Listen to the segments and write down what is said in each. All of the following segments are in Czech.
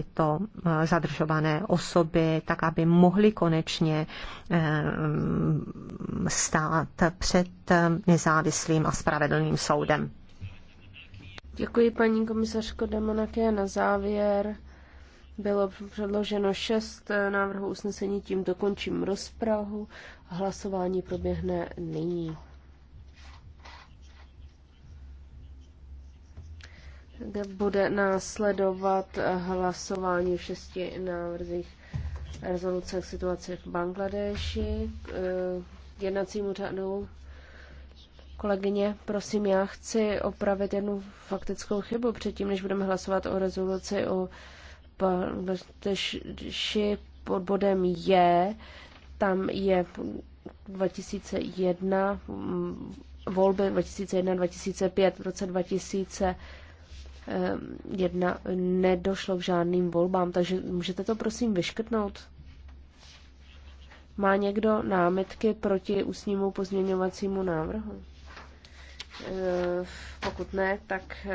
tyto eh, zadržované osoby, tak aby mohly konečně eh, mm, stát před eh, nezávislým a spravedlným soudem. Děkuji paní komisařko Damanaké. Na závěr bylo předloženo šest návrhů usnesení, tím dokončím rozpravu. Hlasování proběhne nyní. kde bude následovat hlasování v šesti návrzích rezoluce k situaci v Bangladeši. K eh, jednacímu řadu kolegyně, prosím, já chci opravit jednu faktickou chybu předtím, než budeme hlasovat o rezoluci o Bangladeši pod bodem J. Tam je 2001 mm, volby 2001-2005 v roce 2000 Eh, jedna nedošlo k žádným volbám, takže můžete to prosím vyškrtnout? Má někdo námitky proti ústnímu pozměňovacímu návrhu? Eh, pokud ne, tak,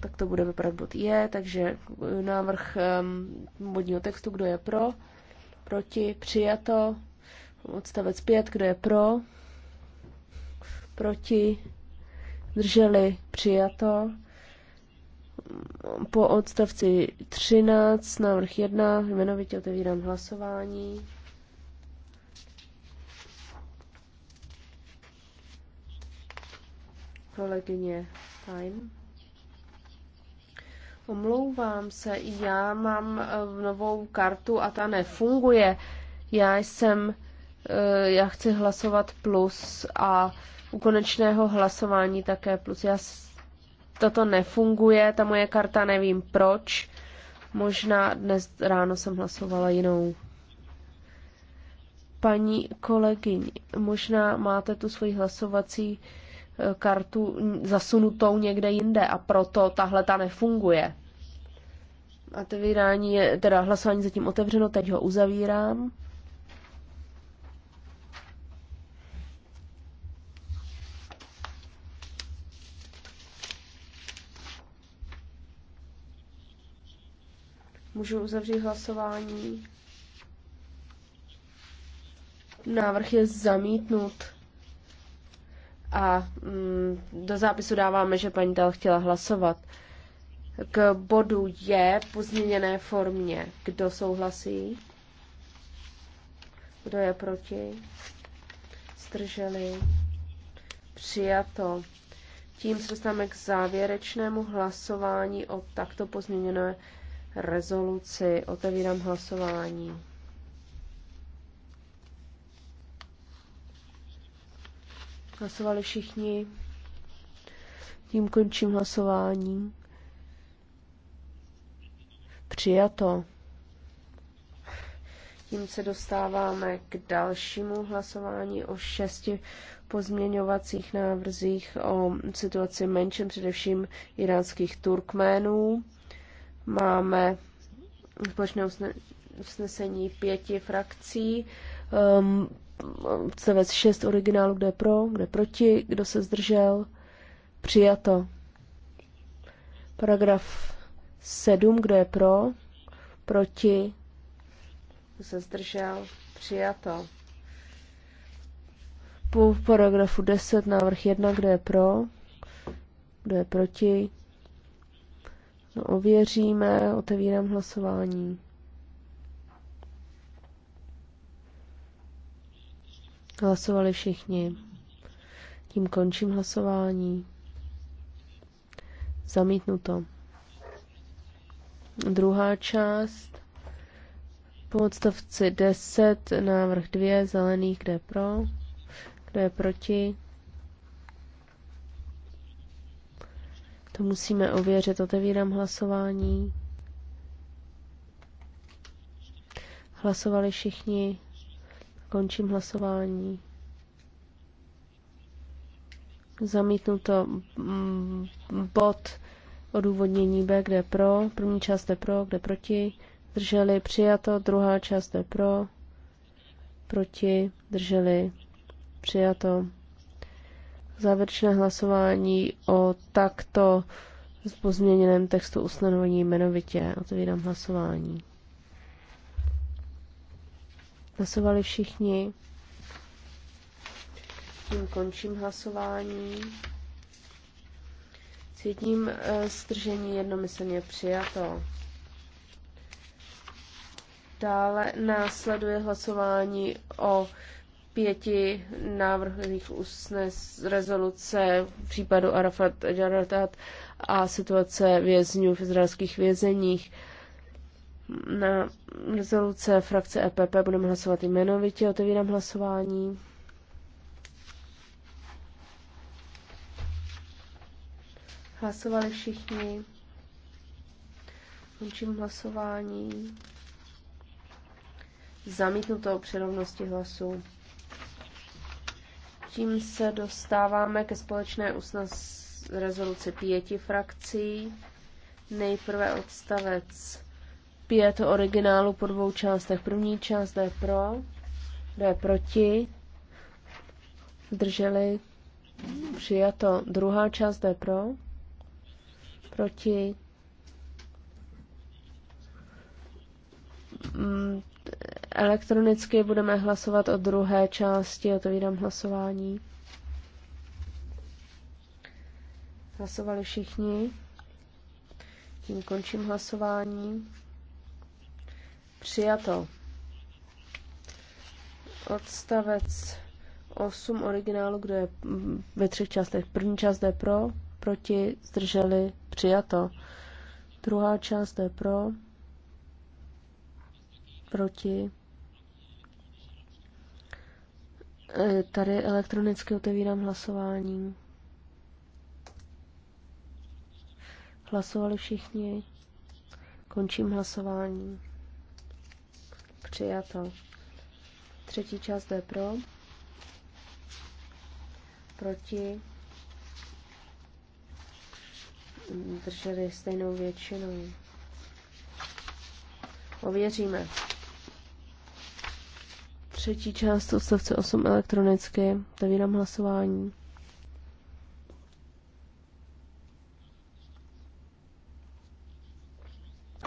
tak to bude vypadat bod je, takže eh, návrh vodního textu, kdo je pro, proti, přijato, odstavec 5, kdo je pro, proti, drželi přijato. Po odstavci 13, návrh 1, jmenovitě otevírám hlasování. Kolegyně Fajn. Omlouvám se, já mám eh, novou kartu a ta nefunguje. Já jsem, eh, já chci hlasovat plus a u konečného hlasování také plus. Já toto nefunguje, ta moje karta nevím proč. Možná dnes ráno jsem hlasovala jinou. Paní kolegyni, možná máte tu svoji hlasovací e, kartu zasunutou někde jinde a proto tahle ta nefunguje. A to vydání je, teda hlasování zatím otevřeno, teď ho uzavírám. Můžu uzavřít hlasování. Návrh je zamítnut. A mm, do zápisu dáváme, že paní Tal chtěla hlasovat. K bodu je pozměněné formě. Kdo souhlasí? Kdo je proti? Zdrželi? Přijato. Tím se dostáváme k závěrečnému hlasování o takto pozměněné rezoluci. Otevírám hlasování. Hlasovali všichni. Tím končím hlasování. Přijato. Tím se dostáváme k dalšímu hlasování o šesti pozměňovacích návrzích o situaci menším především iránských Turkménů. Máme společné usnesení pěti frakcí. Um, CVS 6 originálu, kde je pro, kde je proti, kdo se zdržel. Přijato. Paragraf 7, kdo je pro, proti, kdo se zdržel. Přijato. Po paragrafu 10 návrh 1, kdo je pro, kdo je proti, No, ověříme, otevírám hlasování. Hlasovali všichni. Tím končím hlasování. Zamítnuto. Druhá část. Po odstavci 10, návrh 2, zelených, kde pro, kde je proti. To musíme ověřit. Otevírám hlasování. Hlasovali všichni. Končím hlasování. Zamítnuto mm, bod odůvodnění B, kde pro, první část je pro, kde proti, drželi přijato, druhá část je pro, proti, drželi přijato. Závěrečné hlasování o takto pozměněném textu ustanovení jmenovitě. Otevírám hlasování. Hlasovali všichni. Tím končím hlasování. S jedním stržení eh, jednomyslně přijato. Dále následuje hlasování o pěti návrhových usnes rezoluce v případu Arafat Jaradat a situace vězňů v izraelských vězeních. Na rezoluce frakce EPP budeme hlasovat jmenovitě. Otevírám hlasování. Hlasovali všichni. Končím hlasování. Zamítnuto přerovnosti hlasů. Tím se dostáváme ke společné usnes rezoluci pěti frakcí. Nejprve odstavec pět originálu po dvou částech. První část je pro, je proti, drželi přijato. Druhá část je pro, proti, Elektronicky budeme hlasovat o druhé části, otevírám hlasování. Hlasovali všichni. Tím končím hlasování. Přijato. Odstavec 8 originálu, kde je ve třech částech. První část je pro, proti, zdrželi, přijato. Druhá část je pro, proti, Eh, tady elektronicky otevírám hlasování. Hlasovali všichni. Končím hlasování. Přijato. Třetí část je pro. Proti. Drželi stejnou většinou. Ověříme. Třetí část odstavce 8 elektronicky. Zavírám hlasování.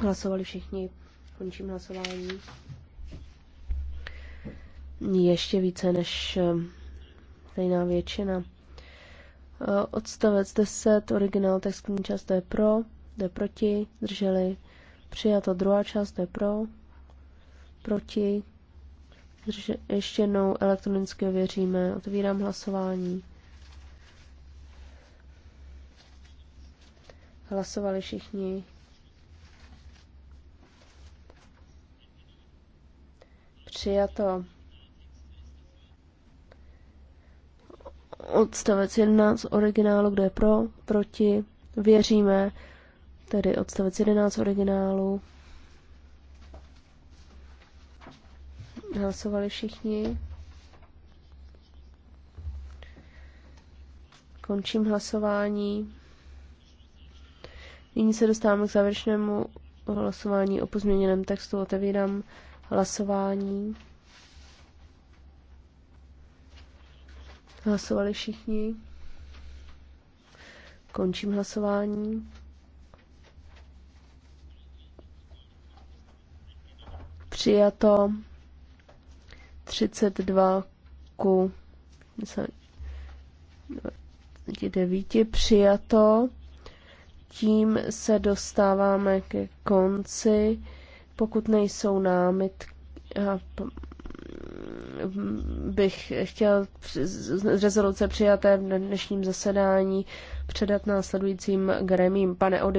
Hlasovali všichni. Končím hlasování. Ještě více než eh, stejná většina. Eh, odstavec 10, originál textní část, to je pro, to je proti, drželi, přijato druhá část, to je pro, proti, takže ještě jednou elektronicky věříme. Otevírám hlasování. Hlasovali všichni. Přijato. Odstavec 11 originálu, kde je pro, proti, věříme, tedy odstavec 11 originálu. Hlasovali všichni. Končím hlasování. Nyní se dostáváme k závěrečnému hlasování o pozměněném textu. Otevírám hlasování. Hlasovali všichni. Končím hlasování. Přijato. 32 ku 9 přijato. Tím se dostáváme ke konci. Pokud nejsou námitky, bych chtěl z rezoluce přijaté v dnešním zasedání předat následujícím gremím. Pane Ody,